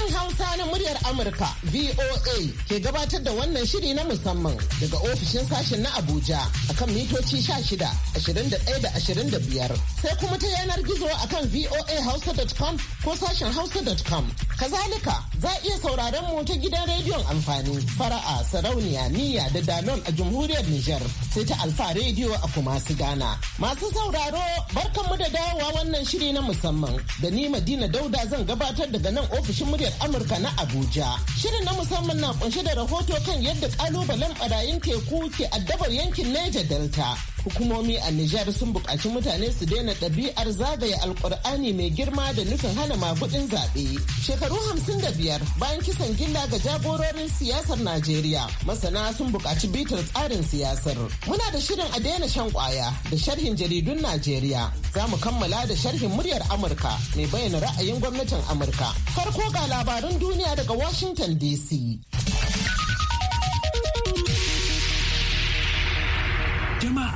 Sashen Hausa na muryar Amurka VOA ke gabatar da wannan shiri na musamman daga ofishin sashen na Abuja akan mitoci 16, 21 da 25 sai kuma ta yanar gizo akan voahausa.com ko sashen hausa.com. Kazalika za iya sauraron mu ta gidan rediyon amfani fara'a sarauniya niyya da danon a Jumhuriyar Nijar sai ta alfa rediyo a Kumasi su Ghana. Masu sauraro barkanmu da dawowa wannan shiri na musamman da ni Madina Dauda zan gabatar daga nan ofishin muryar muryar Amurka na Abuja. Shirin na musamman na kunshe da rahoto kan yadda ƙalubalen ɓarayin teku ke addabar yankin Niger Delta hukumomi a Nijar sun buƙaci mutane su daina ɗabi'ar zagaye Alƙur'ani mai girma da nufin hana maguɗin zaɓe. Shekaru hamsin da biyar bayan kisan gilla ga jagororin siyasar Najeriya, masana sun buƙaci bitar tsarin siyasar. Muna da shirin a daina shan ƙwaya da sharhin jaridun Najeriya. Za mu kammala da sharhin muryar Amurka mai bayyana ra'ayin gwamnatin Amurka. Farko ga labarun duniya daga Washington DC.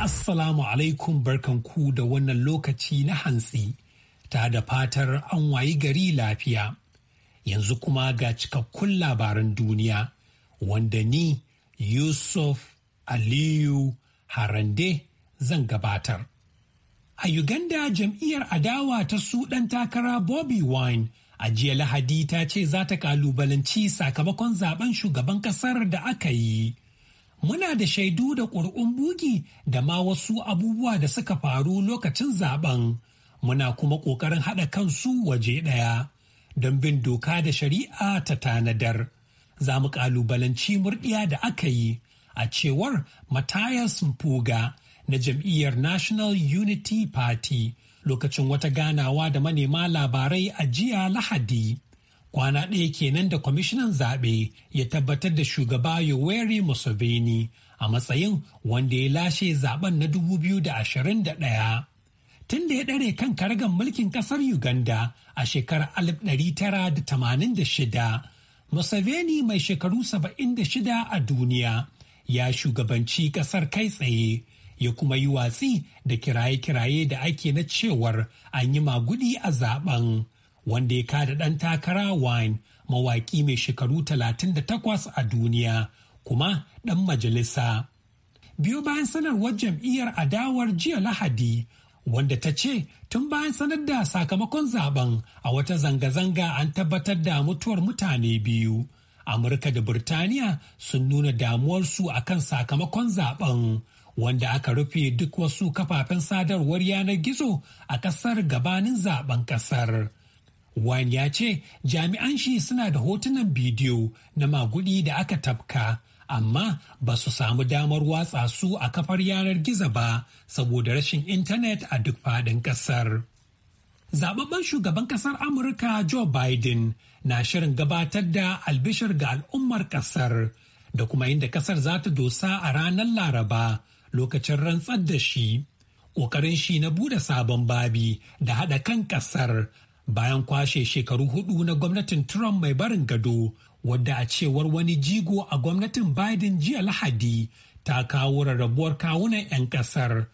Assalamu alaikum barkanku da wannan lokaci na hantsi, ta da fatar an wayi gari lafiya. Yanzu kuma ga cikakkun labaran duniya, wanda ni Yusuf Aliyu Harande zan gabatar. A Uganda jam'iyyar adawa ta su ɗan takara Bobby Wine a jiya Lahadi ta ce za ta kalubalanci sakamakon zaben shugaban ƙasar da aka yi. muna da shaidu da ƙuri'un bugi da ma wasu abubuwa da suka faru lokacin zaben muna kuma ƙoƙarin haɗa kansu waje ɗaya don bin doka da shari'a ta tanadar za mu ƙalubalanci murɗiya da aka yi a cewar matthias mpuga na jam'iyyar national unity party lokacin wata ganawa da manema labarai a jiya lahadi kwana ɗaya kenan da kwamishinan zaɓe ya tabbatar da shugaba yoweri museveni a matsayin wanda ya lashe zaben na 2021 tun da ya ɗare kan karagan mulkin ƙasar uganda a shekarar 1986 museveni mai shekaru 76 a duniya ya shugabanci ƙasar kai tsaye ya kuma yi watsi da kiraye-kiraye da ake na cewar an yi magudi a zaben. wanda ya kada ɗan takara wine mawaƙi mai shekaru 38 a duniya kuma ɗan majalisa. Biyu bayan sanarwar jam'iyyar adawar jiya Lahadi wanda ta ce tun bayan sanar da sakamakon zaben a wata zanga-zanga an tabbatar da mutuwar mutane biyu. Amurka da Birtaniya sun nuna damuwarsu a kan sakamakon zaben. wanda aka rufe duk wasu kafafen sadarwar yanar gizo a kasar gabanin zaben kasar. Wine ya ce jami'an shi suna da hotunan bidiyo na magudi da aka tafka, amma ba su samu damar watsa su a kafar yanar gizo ba saboda rashin intanet a duk faɗin ƙasar. Zababben shugaban ƙasar Amurka Joe Biden na shirin gabatar da albishir ga al'ummar ƙasar da kuma inda ƙasar za ta dosa a ranar Laraba lokacin rantsar da shi. Ƙoƙarin shi na buɗe sabon babi da haɗa kan ƙasar bayan kwashe shekaru hudu na gwamnatin Trump mai barin gado wadda a cewar wani jigo a gwamnatin Biden jiya Lahadi ta kawo rarrabuwar kawunan 'yan kasar.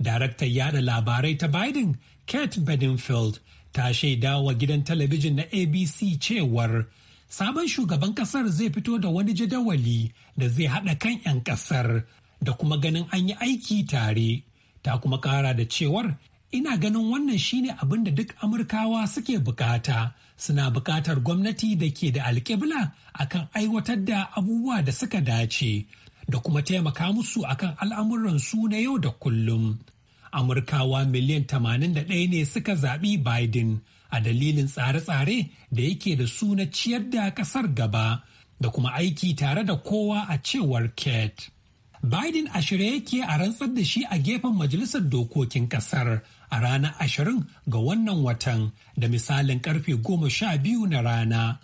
Daraktar yada labarai ta Biden, Kate Bedingfield, ta shaida wa gidan talabijin na ABC cewar sabon shugaban kasar zai fito da wani jadawali da zai haɗa kan 'yan kasar da kuma ganin an yi aiki tare. Ta kuma ƙara da cewar ina ganin wannan shine abin da duk amurkawa suke bukata suna bukatar gwamnati da ke da alƙibla akan aiwatar da abubuwa da suka dace da kuma taimaka musu akan al'amuransu na yau da kullum amurkawa miliyan tamanin da 81 ne suka zaɓi biden a dalilin tsare-tsare da yake da suna ciyar da ƙasar gaba da kuma aiki tare da kowa a cewar kate Biden a shirye yake a rantsar da shi a gefen majalisar dokokin kasar a ranar ashirin ga wannan watan da misalin karfe goma sha biyu na rana.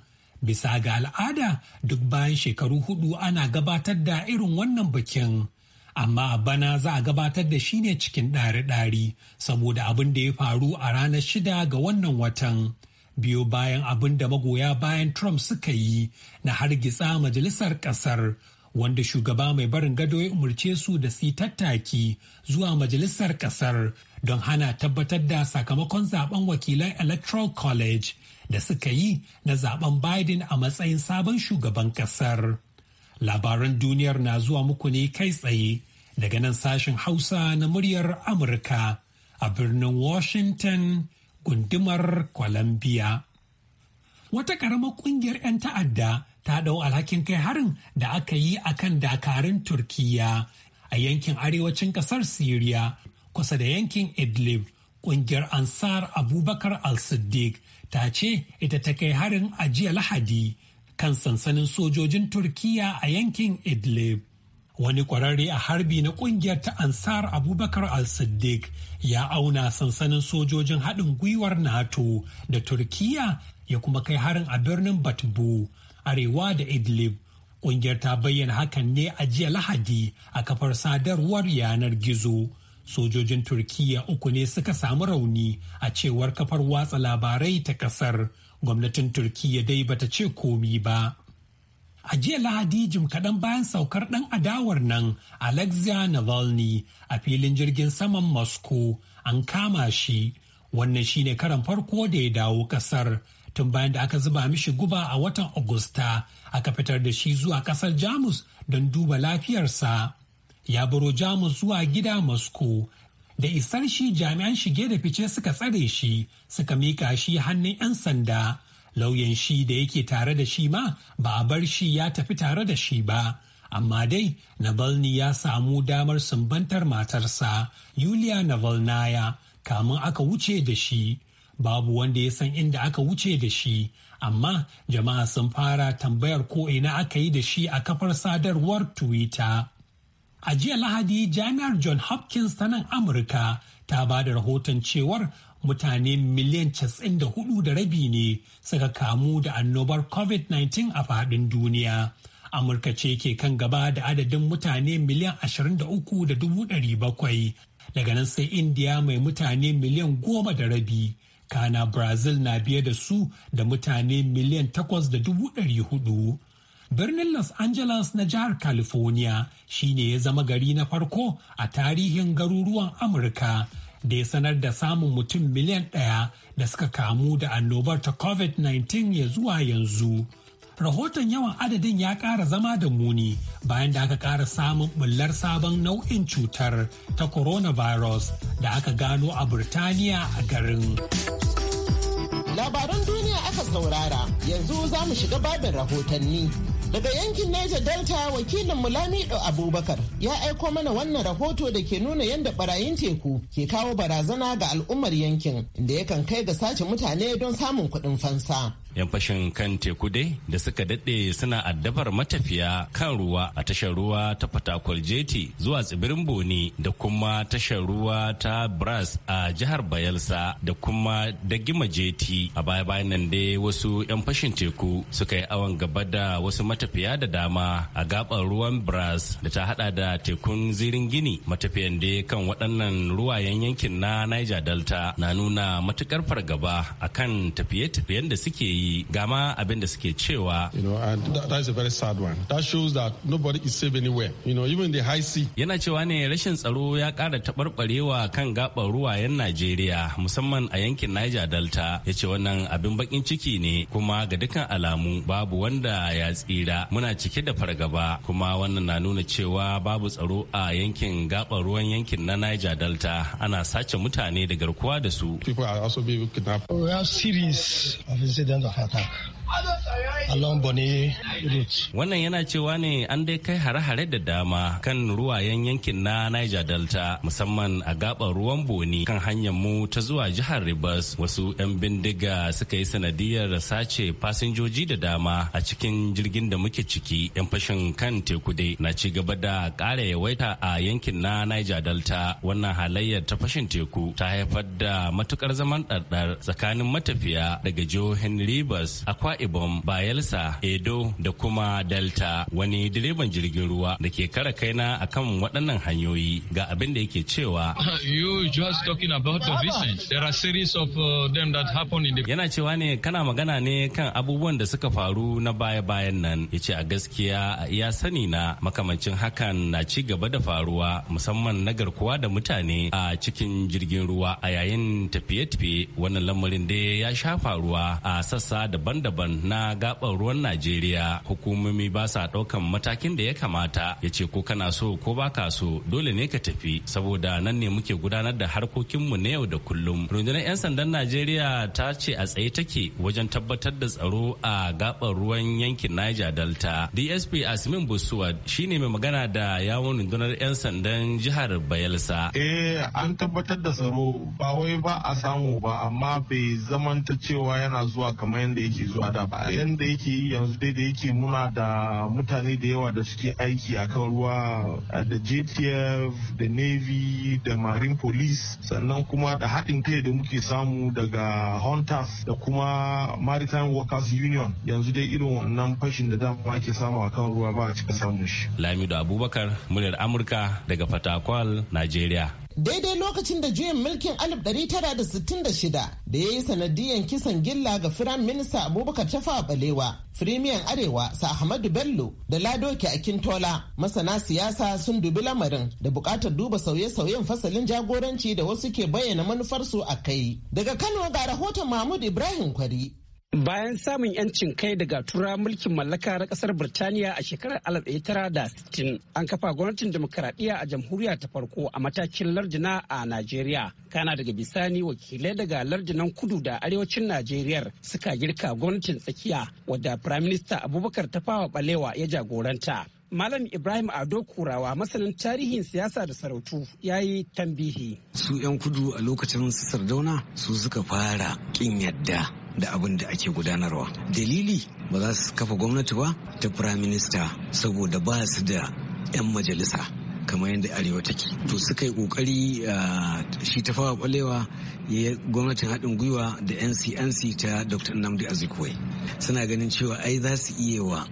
Bisa ga al'ada duk bayan shekaru hudu ana gabatar da irin wannan bikin. Amma bana za a gabatar da shi ne cikin ɗari-ɗari saboda abin da ya faru a ranar shida ga wannan watan. Biyo bayan abin da magoya bayan Trump suka yi na hargitsa majalisar ƙasar wanda shugaba mai barin gado ya umarce su da su tattaki zuwa majalisar kasar don hana tabbatar da sakamakon zaben wakilan electoral college da suka yi na zaben biden a matsayin sabon shugaban kasar labaran duniyar na zuwa muku ne kai tsaye daga nan sashen hausa na muryar amurka a birnin washington gundumar columbia wata ƙaramar ƙungiyar 'yan ta'adda ta ɗau alhakin kai harin da aka yi a kan dakarun Turkiyya a yankin arewacin ƙasar Siriya kusa da yankin Idlib. Ƙungiyar Ansar Abubakar Al-Siddiq ta ce ita ta kai harin a jiya Lahadi kan sansanin sojojin Turkiyya a yankin Idlib. wani ƙwararre a harbi na ƙungiyar ta ansar abubakar al-siddiq ya auna sansanin sojojin haɗin gwiwar nato da turkiya ya kuma kai harin a birnin batbu arewa da idlib ƙungiyar ta bayyana hakan ne a jiya lahadi a kafar sadarwar yanar gizo sojojin turkiya uku ne suka samu rauni a cewar kafar watsa labarai ta kasar gwamnatin turkiya dai bata ce komi ba a jiya lahadi jim kaɗan bayan saukar ɗan adawar nan alexia navalny a filin jirgin saman moscow an kama shi wannan shine karan farko da ya dawo kasar tun bayan da aka zuba mishi guba a watan Agusta aka fitar da shi zuwa kasar Jamus don duba lafiyarsa. Ya baro Jamus zuwa gida Moscow da isar shi jami'an shige da fice suka tsare shi suka mika shi hannun 'yan sanda. Lauyan shi da yake tare da shi ma ba a bar shi ya tafi tare da shi ba. Amma dai Navalny ya samu damar sumbantar matarsa Yulia Navalnaya kamun aka wuce da shi. babu wanda ya san inda aka wuce da shi amma jama'a sun fara tambayar ko ina aka yi da shi a kafar sadarwar twitter a jiya lahadi jami'ar john hopkins ta nan amurka ta ba da rahoton cewar mutane miliyan 94 da rabi ne suka kamu da annobar covid-19 a faɗin duniya amurka ce ke kan gaba da adadin mutane miliyan bakwai, daga nan sai indiya mai mutane miliyan goma da rabi kana brazil na biye da su da mutane miliyan takwas da dubu ɗari hudu birnin los angeles na jihar california shine ya zama gari na farko a tarihin garuruwan amurka da ya sanar da samun mutum miliyan ɗaya da suka kamu da annobar ta covid-19 ya zuwa yanzu rahoton yawan adadin ya ƙara zama da muni bayan da aka ƙara samun bullar sabon nau'in cutar ta coronavirus da aka gano a Burtaniya a garin. Labaran duniya aka saurara yanzu za mu shiga babin rahotanni. Daga yankin Niger Delta wakilin Mulamido Abubakar ya aiko mana wannan rahoto da ke nuna yadda barayin teku ke kawo barazana ga al'ummar yankin inda yakan kai ga sace mutane don samun kuɗin fansa. 'yan fashin kan teku dai da suka daɗe suna addabar matafiya kan ruwa a tashar ruwa ta fatakwal jeti zuwa tsibirin boni da kuma tashar ruwa ta bras a jihar bayelsa da kuma dagima jeti a baya bayan nan dai wasu 'yan fashin teku suka yi awon gaba da wasu matafiya da dama a gabar ruwan bras da ta hada da tekun zirin gini matafiyan dai kan waɗannan ruwayen yankin na niger delta na nuna matukar fargaba akan tafiye-tafiyen da suke yi yi gama abin da suke cewa yana cewa ne rashin tsaro ya kara taɓarɓarewa kan gaɓar ruwayen najeriya musamman a yankin niger delta ya ce wannan abin bakin ciki ne kuma ga dukkan alamu babu wanda ya tsira muna cike da fargaba kuma wannan na nuna cewa babu tsaro a yankin gaɓar ruwan yankin na niger delta ana sace mutane da garkuwa da su. People are also being kidnapped. We have series 好的。Wannan yana cewa ne an dai kai hare-hare da dama kan ruwayen yankin na Niger Delta musamman a gaɓar ruwan Boni kan hanyar mu ta zuwa jihar Rivers wasu 'yan bindiga suka yi sanadiyar sace fasinjoji da dama a cikin jirgin da muke ciki 'yan fashin kan teku dai na ci gaba da ƙara yawaita a yankin na Niger Delta wannan halayyar ta fashin teku ta haifar da matukar zaman ɗarɗar tsakanin matafiya daga jihohin Rivers Akwa ibom bayelsa edo da kuma delta wani direban jirgin ruwa da ke kara kaina akan waɗannan hanyoyi ga abin da yake cewa yana cewa ne kana magana ne kan abubuwan da suka faru na baya-bayan nan yace a gaskiya a iya sani na makamancin hakan na ci gaba da faruwa musamman na garkuwa da mutane a cikin jirgin ruwa a yayin tafiye-tafiye wannan lamarin da ya sha faruwa a sassa daban-daban ruwan na gaɓar ruwan najeriya hukumomi ba sa ɗaukan matakin da ya kamata ya ce ko kana so ko ba ka so dole ne ka tafi saboda nan ne muke gudanar da harkokinmu na yau da kullum rundunar 'yan sandan najeriya ta ce a tsaye take wajen tabbatar da tsaro a gaɓar ruwan yankin niger delta dsp asmin busuwad shine mai magana da yawon rundunar 'yan sandan jihar bayelsa eh an tabbatar da tsaro ba wai ba a samu ba amma bai zamanta cewa yana zuwa kamar yadda yake zuwa da ba eh. yanda yake yanzu dai da yake muna da mutane da yawa da suke aiki a kan ruwa da JTF da Navy da Marine Police sannan kuma da haɗin kai da muke samu daga Hunters da kuma Maritime Workers Union yanzu dai irin wannan fashin da dama ake samu a kan ruwa ba a cika samun shi. Lamido Abubakar muryar Amurka daga Fatakwal, Najeriya. daidai lokacin da juyin mulkin 1966 da ya yi sanadiyan kisan gilla ga firam minista abubakar tafa balewa firimiyan arewa sa ahmadu bello da ladoki akintola masana siyasa sun dubi lamarin da bukatar duba sauye-sauyen fasalin jagoranci da wasu ke bayyana manufarsu a kai daga kano ga rahoton mahmud ibrahim kwari bayan samun 'yancin kai daga tura mulkin mallaka na kasar birtaniya a shekarar 1960 an kafa gwamnatin demokaradiyya a jamhuriya ta farko a matakin lardina a najeriya kana daga bisani wakilai daga lardinan kudu da arewacin najeriya suka girka gwamnatin tsakiya wadda firaminista abubakar tafawa balewa ya jagoranta Malam Ibrahim Ado Kurawa masanin tarihin siyasa da sarautu ya yi tambihi. Su 'yan kudu a lokacin sardauna su suka fara kin yadda da abin da ake gudanarwa dalili ba za su kafa gwamnati ba ta prime minister saboda ba su da 'yan majalisa kamar yadda arewa take to suka yi kokari shi ta fawa kwalewa ya gwamnatin haɗin gwiwa da ncnc ta dr nnamdi azikwai suna ganin cewa ai za su iya wa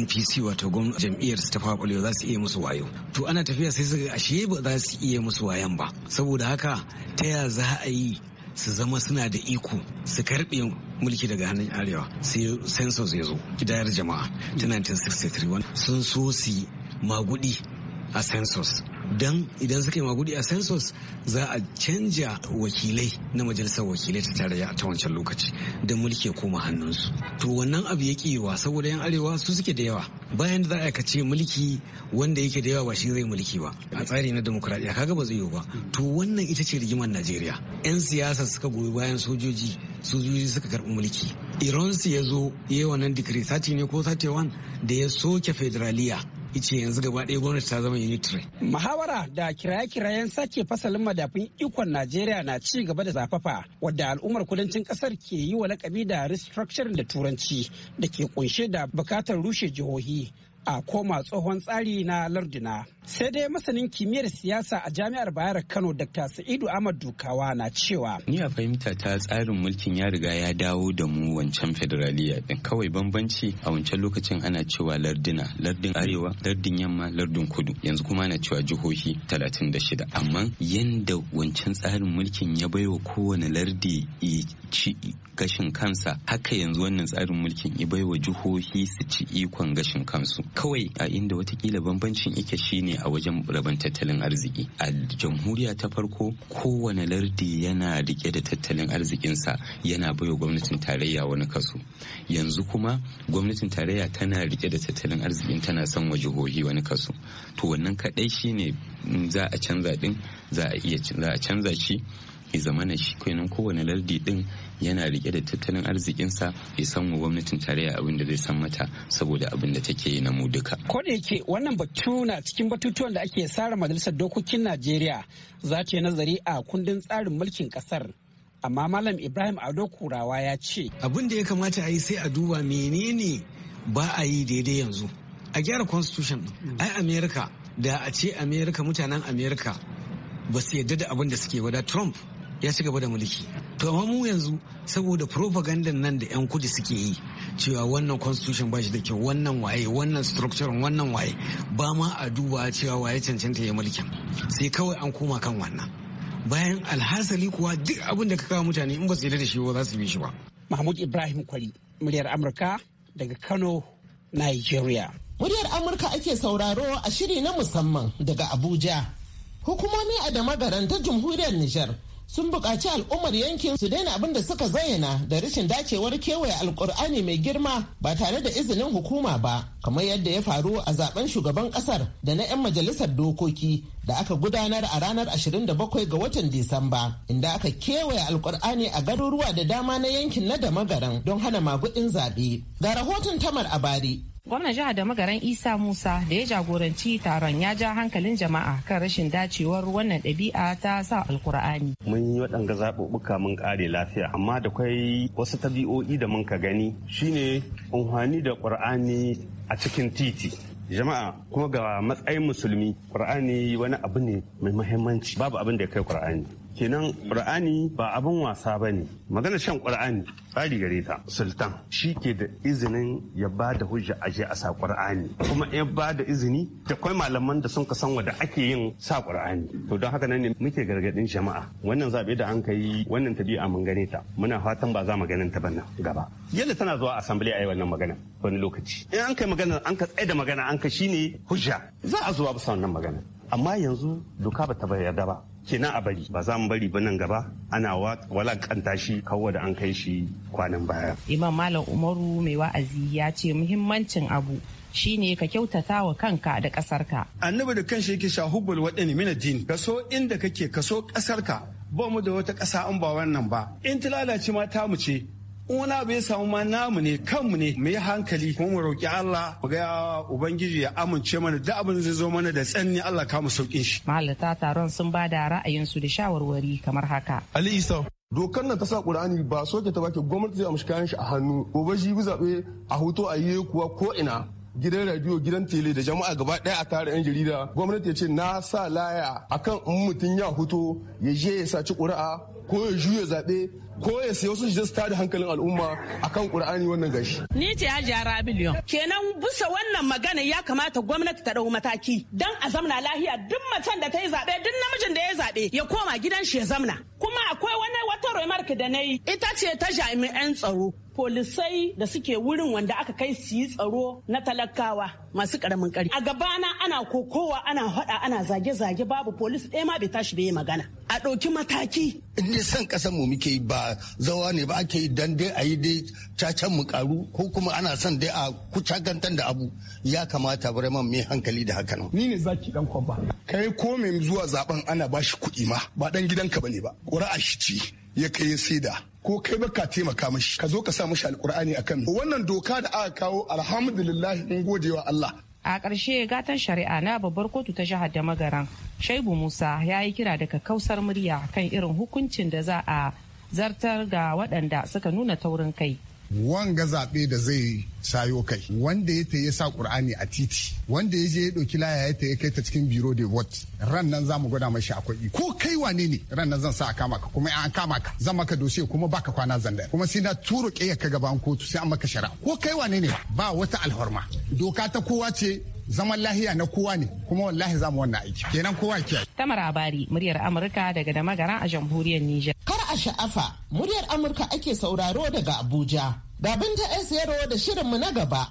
npc wato jam'iyyar su ta fawa kwalewa za su iya musu wayo to ana tafiya sai suka ashe ba za su iya musu wayan ba saboda haka ta ya za a yi su zama suna da iko su karbe mulki daga hannun arewa sai census ya zo gidayar jama'a ta 1963 sun so su magudi a census Dan idan suka yi magudi a census za a canja wakilai na majalisar wakilai ta tarayya a ta wancan lokaci da mulki ya koma hannunsu to wannan abu ya wa saboda yan arewa su suke da yawa bayan da za a kace mulki wanda yake da yawa ba shi zai mulki ba a tsari na demokradiyya kaga ba zai yiwu ba to wannan ita ce rigimar najeriya yan siyasa suka goyi bayan sojoji sojoji suka karɓi mulki iransu ya zo ya yi wannan sati 30 ne ko 31 da ya soke federaliya ice yanzu gaba ɗaya gwamnati ta zama unitary. muhawara da kiraye-kirayen sake fasalin madafin ikon najeriya na ci gaba da zafafa wadda al'ummar kudancin kasar ke yi wa lakabi da restructuring da turanci da ke kunshe da bukatar rushe jihohi a koma tsohon tsari na lardina. sai dai masanin kimiyyar siyasa a jami'ar bayar kano dr sa'idu ahmad dukawa na cewa ni a fahimta ta tsarin mulkin ya riga ya dawo da mu wancan federaliya din kawai bambanci a wancan lokacin ana cewa lardina lardin arewa lardin yamma lardin kudu yanzu kuma ana cewa jihohi talatin da shida. amma yanda wancan tsarin mulkin ya baiwa kowane lardi ci gashin kansa haka yanzu wannan tsarin mulkin ya baiwa jihohi su ci ikon gashin kansu kawai a inda watakila bambancin yake shine a wajen rabon tattalin arziki a jamhuriya ta farko kowane lardi yana rike da tattalin arzikinsa yana baiwa gwamnatin tarayya wani kaso yanzu kuma gwamnatin tarayya tana rike da tattalin arzikin tana son wa jihohi wani kaso to wannan kadai shine za a canza din za a iya canza shi ya zamana shi kenan kowane lardi din yana rike da tattalin arzikinsa ya san wa gwamnatin tarayya abin da zai san mata saboda abin da take yi na mu duka. Ko da yake wannan batu na cikin batutuwan da ake sara majalisar dokokin Najeriya za ta yi nazari a kundin tsarin mulkin kasar. Amma Malam Ibrahim Ado Kurawa ya ce. Abin da ya kamata a yi sai a duba menene ba a yi daidai yanzu. A gyara constitution mm. ai Amerika da a ce Amerika mutanen Amerika ba su yarda da abin da suke wada Trump ya ci gaba da mulki to amma mu yanzu saboda propaganda nan da 'yan kudi suke yi cewa wannan constitution ba shi da kyau wannan waye wannan structure wannan waye ba ma a duba cewa waye cancanta ya mulkin sai kawai an koma kan wannan bayan alhasali kuwa duk abin da ka kawo mutane in ba su yarda da shi ba za su bi shi ba mahmud ibrahim kwari muryar amurka daga kano nigeria muryar amurka ake sauraro a shiri na musamman daga abuja hukumomi a da ta jamhuriyar nijar sun buƙaci al'ummar yankin su daina abin da suka zayyana da rashin dacewar kewaye alkur'ani mai girma ba tare da izinin hukuma ba kamar yadda ya faru a zaben shugaban ƙasar da na 'yan majalisar dokoki da aka gudanar a ranar 27 ga watan Disamba inda aka kewaye alkur'ani a garuruwa da dama na yankin na da magaran don hana magudin zaɓe. Ga rahoton Tamar Abari gwamnan jihar da magaran isa musa da ya jagoranci taron ya ja hankalin jama'a kan rashin dacewar wannan ɗabi'a ta sa alkur'ani mun yi waɗanga zaɓuɓɓuka mun ƙare lafiya amma da kwai wasu tabi'o'i da mun ka gani shine unhwani da ƙur'ani a cikin titi jama'a kuma ga matsayin musulmi ƙur'ani wani abu ne mai muhimmanci babu abin da ya kai ƙur'ani kenan qur'ani ba abin wasa ba ne magana shan qur'ani tsari gare ta sultan shi ke da izinin ya ba da hujja a je a sa qur'ani kuma ya ba da izini da kai malaman da sun ka san wanda ake yin sa qur'ani to don haka nan ne muke gargadin jama'a wannan zabe da an kai wannan tabi'a mun gane ta muna fatan ba za mu ganin ta bana gaba yalla tana zuwa assembly a yi wannan magana wani lokaci in an kai magana an ka tsaye da magana an ka shine hujja za a zuwa bisa wannan magana amma yanzu doka ba ta yarda ba kina a bari ba za mu bari ba nan gaba ana walakanta shi kawo da an kai shi kwanan baya imam malam umaru mai wa'azi ya ce muhimmancin abu shine ka kyautata wa kanka da ƙasarka. Annabi da kanshi yake shahubul waɗani min addini kaso inda kake kaso ƙasarka ba mu da wata ƙasa an ba wannan ba in ta lalace ma ta mu ce Una wani abu ya samu ma namu ne kanmu ne mu yi hankali kuma mu roƙi Allah mu ga ubangiji ya amince mana da abin zai zo mana da tsanni Allah kama mu shi mahallata taron sun ba da ra'ayinsu da shawarwari kamar haka Ali Isa dokar nan ta sa Qur'ani ba soke ta baki gwamnati zai amshi kayan shi a hannu gobe shi bi zabe a hoto a yi kuwa ko ina gidan radio gidan tele da jama'a gaba daya a tare yan jarida gwamnati ya ce na sa laya akan in mutum ya hoto ya je ya saci ƙuri'a ko ya juya zaɓe ko ya sayi wasu su tada hankalin al'umma akan Kur'ani wannan gashi. Ni ce Hajiya biliyon. Kenan busa wannan magana ya kamata gwamnati ta ɗau mataki don a zamna lahiya duk macen da ta yi zaɓe duk namijin da ya yi zaɓe ya koma gidan shi ya zamna. Kuma akwai wani wata remark da na yi ita ce ta jami'an tsaro. Polisai da suke wurin wanda aka kai su yi tsaro na talakawa masu karamin kari. A gabana ana kokowa ana hada ana zage-zage babu polis ɗaya ma bai tashi bai yi magana. A ɗauki mataki. dai san kasan mu muke ba zawa ne ba ake yi dan dai a yi dai cacan mu karu ko kuma ana son dai a kucagantar da abu ya kamata man mai hankali da haka nan. Ni ne zaki dan kwamba Kai ko mai zuwa zaben ana ba shi kuɗi ma ba dan gidanka bane ba. Ƙura'a shi ce ya kai saida ko kai baka taimaka mashi ka zo ka sa mashi alkur'ani akan wannan doka da aka kawo alhamdulillah in gode Allah a ƙarshe gatan shari'a na babbar kotu ta jihar da magaran Shaibu Musa ya yi kira daga kausar murya kan irin hukuncin da za a zartar ga waɗanda suka nuna taurin kai. Wanga zaɓe da zai sayo kai wanda ya ta sa ƙur'ani a titi wanda ya je ya ɗauki laya ya ta kai ta cikin biro de vote ran nan mu gwada mashi akwai ko kai wane ne ran nan zan sa a kama ka kuma an kama ka zan maka doshe kuma baka kwana zanda kuma sai na turo ƙeya ka gaban kotu sai an maka shara. ko kai wane ne ba wata alhorma doka ta kowa ce zaman lahiya na kowa ne kuma wallahi za mu wannan aiki kenan kowa ke tamara abari muryar amurka daga da magara a jamhuriyar niger kar a sha'afa muryar amurka ake sauraro daga abuja da binta sayarwa da shirinmu na gaba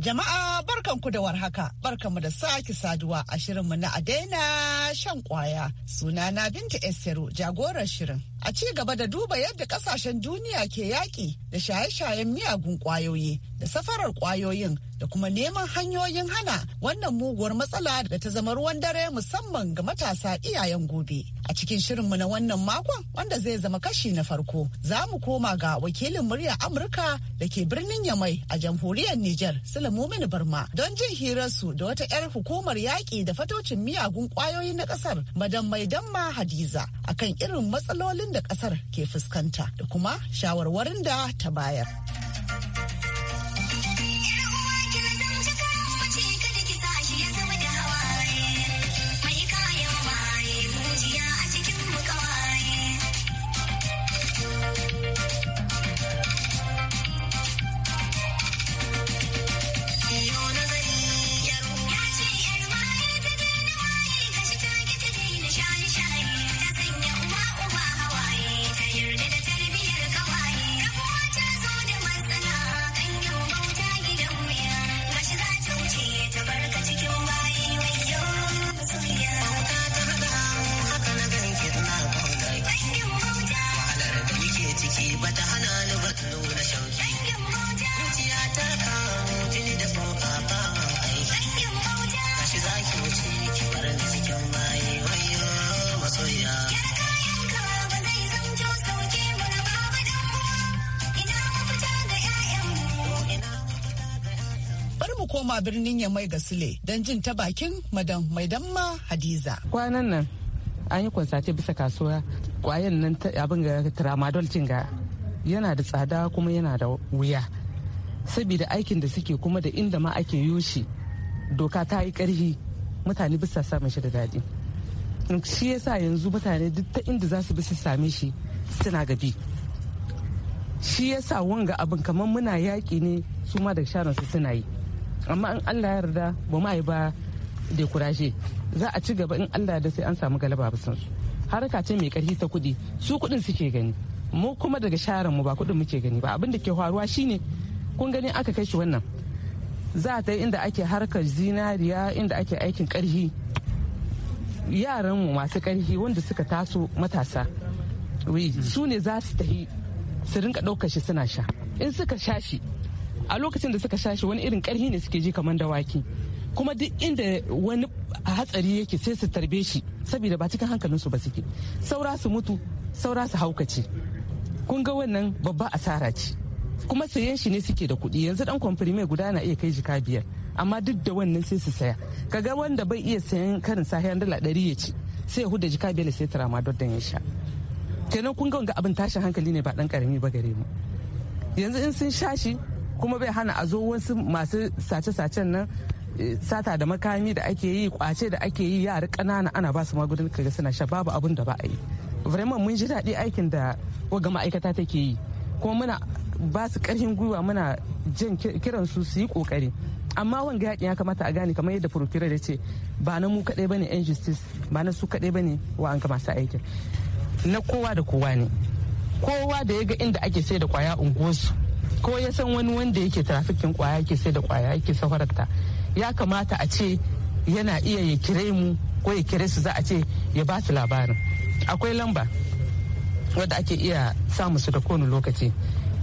Jama'a barkan barkanku da warhaka, barkanmu da sake saduwa a shirinmu na Adaina shan kwaya. Sunana Binta Esteru jagorar shirin. a ci gaba da duba yadda kasashen duniya ke yaƙi da shaye-shayen miyagun ƙwayoyi da safarar ƙwayoyin da kuma neman hanyoyin hana wannan muguwar matsala da ta zama ruwan dare musamman ga matasa iyayen gobe. A cikin shirinmu na wannan makon wanda zai zama kashi na farko za mu koma ga wakilin murya Amurka da ke birnin Yamai a jamhuriyar Nijar sulamomin Barma don jin hirarsu da wata 'yar hukumar yaƙi da fatocin miyagun ƙwayoyi na ƙasar Madam Maidan Hadiza akan irin matsalolin da kasar ke fuskanta da kuma shawarwarin da ta bayar. koma birnin ya ga Sule don jin ta bakin madam Maidamma Hadiza. Kwanan nan an yi kwansace bisa kasuwa kwayan nan abin ga tramadol ga yana da tsada kuma yana da wuya saboda aikin da suke kuma da inda ma ake yoshi doka ta yi karhi mutane bisa same shi da daɗi shi yasa yanzu mutane duk ta inda za su bisa same shi suna gabi shi yasa wanga abin kamar muna yaƙi ne su ma da sharansu suna yi amma in allah yarda ba ma yi ba da kuraje za a ci gaba in allah da sai an samu galaba bisan su harka ce mai karfi ta kudi su kuɗin suke gani mu kuma daga sharan mu ba kuɗin muke gani ba abin da ke faruwa shine kun gani aka kai shi wannan za ta yi inda ake harkar zinariya inda ake aikin karhi yaran mu masu karhi wanda suka taso matasa su ne za su tafi su rinka ɗaukar shi suna sha in suka sha shi a lokacin da suka shashi wani irin karhi ne suke ji kamar dawaki kuma duk inda wani hatsari yake sai su tarbe shi saboda ba cikin hankalinsu ba suke saura su mutu saura su haukace kun ga wannan babba asara ce kuma sayen shi ne suke da kuɗi yanzu dan kwamfirme guda na iya kai jika biyar amma duk da wannan sai su saya kaga wanda bai iya sayan karin sahiyar dala ɗari ya ci sai ya huda jika biyar sai tara ma don ya sha kenan kun ga abin tashin hankali ne ba dan karami ba gare mu yanzu in sun sha shi kuma bai hana a zo wasu masu sace-sacen nan eh, sata da makami da ake yi kwace da ake yi yara ƙanana ana ba su magudin kaga suna sha babu abin da ba a yi vraiment mun ji daɗi aikin da waga ma'aikata take yi kuma muna ba su ƙarfin gwiwa muna jin kiran su su yi ƙoƙari amma wanga yaƙin ya kamata a gane kamar yadda furofira da ce ba na mu kaɗai bane yan justice ba na su kaɗai bane wa an masu aikin na kowa da kowa ne kowa da ya ga inda ake sai da kwaya unguwarsu ko ya san wani wanda yake trafikin kwaya ke sai da kwaya yake safararta ya kamata a ce yana iya ya kire mu ko ya kire su za a ce ya ba su labarin akwai lamba wadda ake iya samu su da kowane lokaci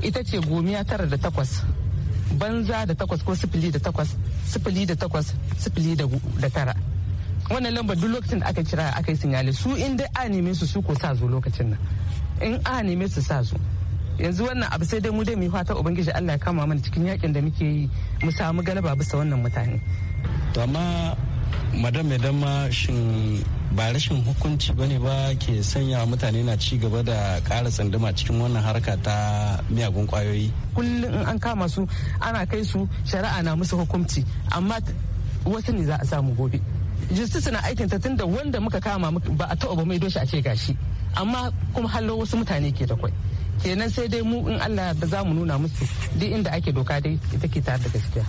ita ce gomiya tara da takwas banza da takwas ko sifili da takwas sifili da takwas sifili da tara wannan lamba duk lokacin da aka kira aka yi sinyali su inda a neme su su ko sa zo lokacin nan in a neme su sa zo yanzu wannan abu sai dai mu dai mu fata ubangiji Allah ya kama mana cikin yakin da muke yi mu samu galaba bisa wannan mutane to amma madam idan ma shin ba rashin hukunci ba ne ba ke sanya mutane na ci gaba da kara tsanduma cikin wannan harka ta miyagun kwayoyi kullum in an kama su ana kai su shari'a na musu hukunci amma wasu ne za a samu gobe justice na aikin ta tunda wanda muka kama ba a taɓa ba mai doshi a ce gashi amma kuma hallo wasu mutane ke da kwai kenan sai dai mu in Allah da za mu nuna musu duk inda ake doka dai ita ke tare da gaskiya.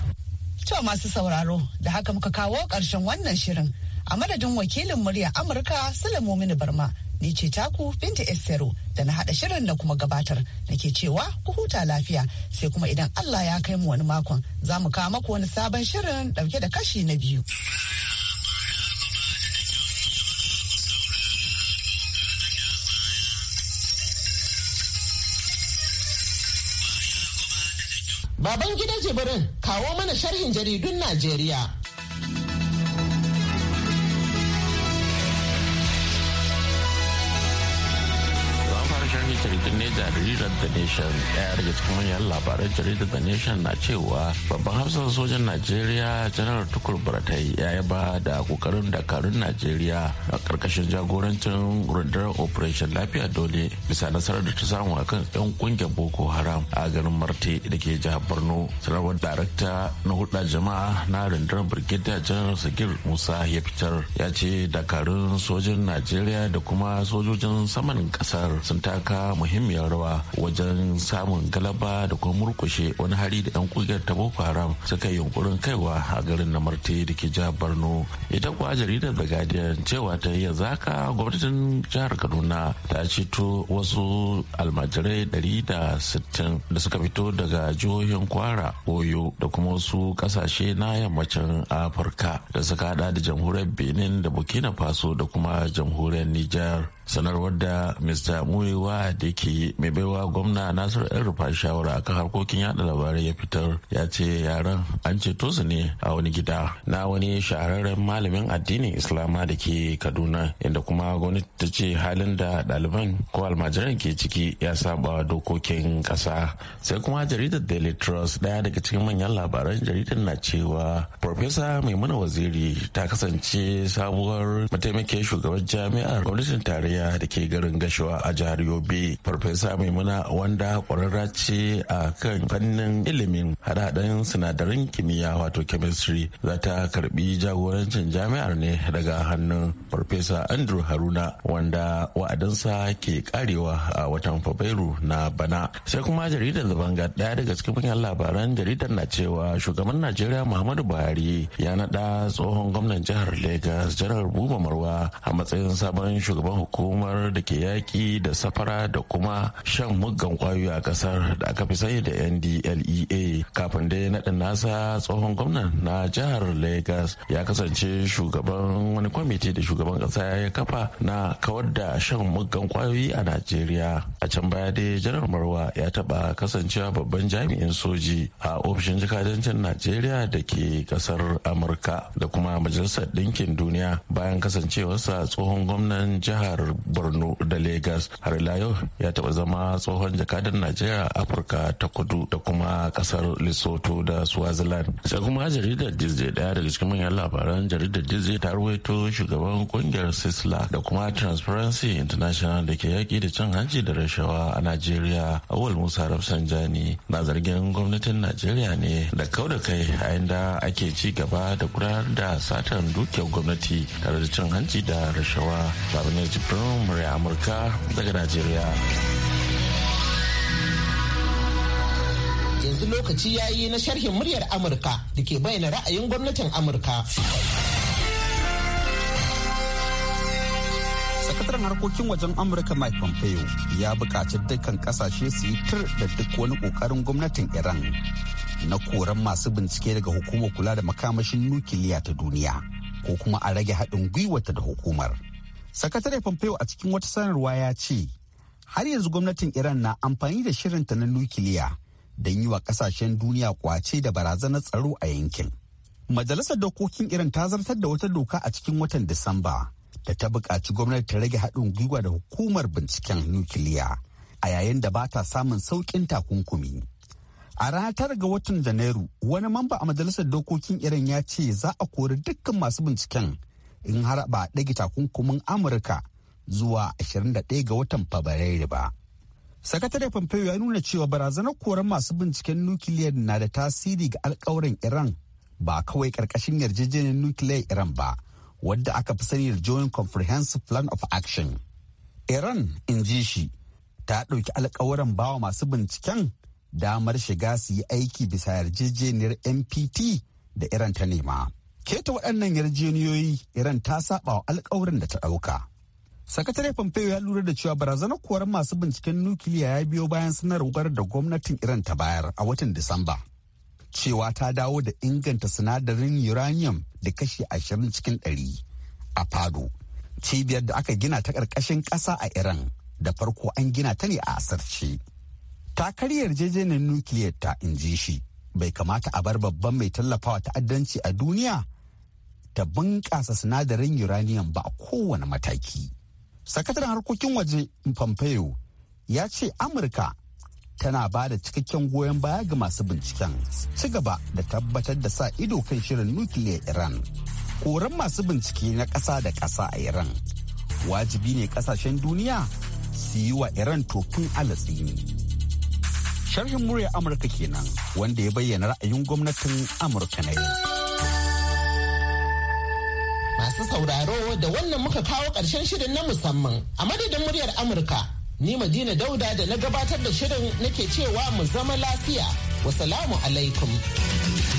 To masu sauraro da haka muka kawo ƙarshen wannan shirin a madadin wakilin murya Amurka Salamu Mini Barma ni ce taku Binta estero da na haɗa shirin da kuma gabatar da ke cewa ku huta lafiya sai kuma idan Allah ya kai mu wani makon za mu kawo maku wani sabon shirin ɗauke da kashi na biyu. Baban gida Jibrin kawo mana sharhin jaridun Najeriya. da jaridar The Nation ɗaya daga cikin manyan labaran jaridar The Nation na cewa babban hafsan sojan Najeriya janar Tukur Baratai ya yi ba da kokarin dakarun Najeriya a ƙarƙashin jagorancin rundunar Operation Lafiya Dole bisa nasarar da ta samu a kan 'yan kungiyar Boko Haram a garin Marte da ke jihar Borno. Sanarwar darakta na hulɗa jama'a na rundunar Brigadier Janar Sagir Musa ya fitar ya ce dakarun sojan Najeriya da kuma sojojin saman ƙasar sun taka muhimmiyar rawa wajen samun galaba da kuma murkushe wani hari da 'yan kungiyar ta boko haram suka yunkurin kaiwa a garin na marte da ke jihar borno ita kuwa jaridar da guardian cewa ta yanzu haka gwamnatin jihar kaduna ta ceto wasu almajirai 160 da sittin da suka fito daga jihohin kwara oyo da kuma wasu kasashe na yammacin afirka da suka hada da jamhuriyar benin da burkina faso da kuma jamhuriyar niger sanarwar da mr muriwa da ke mai baiwa gwamna Nasiru yan rufa shawara akan harkokin yada labarai ya fitar ya ce yaran an ceto su ne a wani gida na wani shahararren malamin addinin islama da ke kaduna inda kuma gwamnati ta ce halin da ɗaliban ko almajiran ke ciki ya saba dokokin ƙasa sai kuma jaridar daily trust daya daga cikin manyan labaran jaridar na cewa farfesa maimuna waziri ta kasance sabuwar mataimakin shugaban jami'ar gwamnatin tarayya tarayya da ke garin gashuwa a jihar yobe farfesa maimuna wanda kwararra ce a kan fannin ilimin haɗaɗen sinadarin kimiyya wato chemistry za ta karbi jagorancin jami'ar ne daga hannun farfesa andrew haruna wanda wa'adinsa ke karewa a watan fabrairu na bana sai kuma jaridar da banga daya daga cikin manyan labaran jaridar na cewa shugaban najeriya muhammadu buhari ya naɗa tsohon gwamnan jihar lagos janar buba marwa a matsayin sabon shugaban hukumar tuhumar da ke yaƙi da safara da kuma shan muggan kwayoyi a ƙasar da aka fi sani da ndlea kafin dai naɗin nasa tsohon gwamnan na jihar lagos ya kasance shugaban wani kwamiti da shugaban ƙasa ya kafa na kawar da shan muggan kwayoyi a najeriya a can baya dai janar marwa ya taɓa kasancewa babban jami'in soji a ofishin jikadancin najeriya da ke ƙasar amurka da kuma majalisar ɗinkin duniya bayan kasancewarsa tsohon gwamnan jihar borno da lagos har ila yau ya taɓa zama tsohon jakadan najeriya afirka ta kudu da kuma ƙasar lesotho da swaziland sai kuma jaridar dizze daya daga cikin manyan labaran jaridar dizze ta ruwaito shugaban kungiyar sisla da kuma transparency international da ke yaki da cin hanci da rashawa a najeriya awal musa rafsanjani na zargin gwamnatin najeriya ne da kau da kai a inda ake ci gaba da gudanar da satar dukiyar gwamnati tare da cin hanci da rashawa babin murya Amurka daga Najeriya. Yanzu lokaci ya yi na sharhin muryar Amurka da ke bayyana ra'ayin gwamnatin Amurka. sakataren harkokin wajen amurka mike pompeo ya buƙaci dukkan kasashe su yi tur da duk wani ƙoƙarin gwamnatin iran na koran masu bincike daga hukumar kula da makamashin nukiliya ta duniya ko kuma a rage haɗin gwiwata da hukumar sakatare pompeo a cikin wata sanarwa ya ce har yanzu gwamnatin iran na amfani da shirinta na nukiliya don yi wa kasashen duniya kwace da barazanar tsaro a yankin majalisar dokokin iran ta zartar da wata doka a cikin watan disamba da ta buƙaci gwamnati ta rage haɗin gwiwa da hukumar binciken nukiliya a yayin da ba ta samun sauƙin takunkumi a ranar tara ga watan janairu wani mamba a majalisar dokokin iran ya ce za a kori dukkan masu binciken in har ba ɗage takunkumin amurka zuwa 21 ga watan fabrairu ba sakatare pompeo ya nuna cewa barazanar koran masu binciken nukiliyar na da tasiri ga alkawarin iran ba kawai karkashin yarjejeniyar nukiliyar iran ba wadda aka fi sani da joint comprehensive plan of action iran in ji shi ta ɗauki alkawarin bawa masu binciken damar shiga su yi aiki bisa yarjejeniyar npt da iran ta nema keta waɗannan yarjejeniyoyi iran ta saba wa alkawarin da ta ɗauka sakatare pompeo ya lura da cewa barazanar kuwar masu binciken nukiliya ya biyo bayan sanarwar da gwamnatin iran ta bayar a watan disamba cewa ta dawo da inganta sinadarin uranium da kashi ashirin cikin ɗari a fado cibiyar da aka gina ta ƙarƙashin ƙasa a iran da farko an gina ta ne a asarce ta karya yarjejeniyar nukiliyar ta in ji shi bai kamata a bar babban mai tallafawa ta'addanci a duniya ta bunƙasa sinadarin uranium ba a kowane mataki. Sakataren harkokin waje Pompeo ya ce Amurka tana ba da cikakken goyon baya ga masu binciken ci gaba da tabbatar da sa ido kan shirin nukiliyar Iran. Koran masu bincike na ƙasa da ƙasa a Iran. Wajibi ne ƙasashen duniya su yi wa Iran tofin alatsini. Sharhin murya Amurka kenan wanda ya bayyana ra'ayin gwamnatin Amurka na yau. masu sauraro da wannan muka kawo ƙarshen shirin na musamman a madadin muryar Amurka. Ni Madina Dauda da na gabatar da shirin nake cewa mu zama lafiya. Wasalamu alaikum.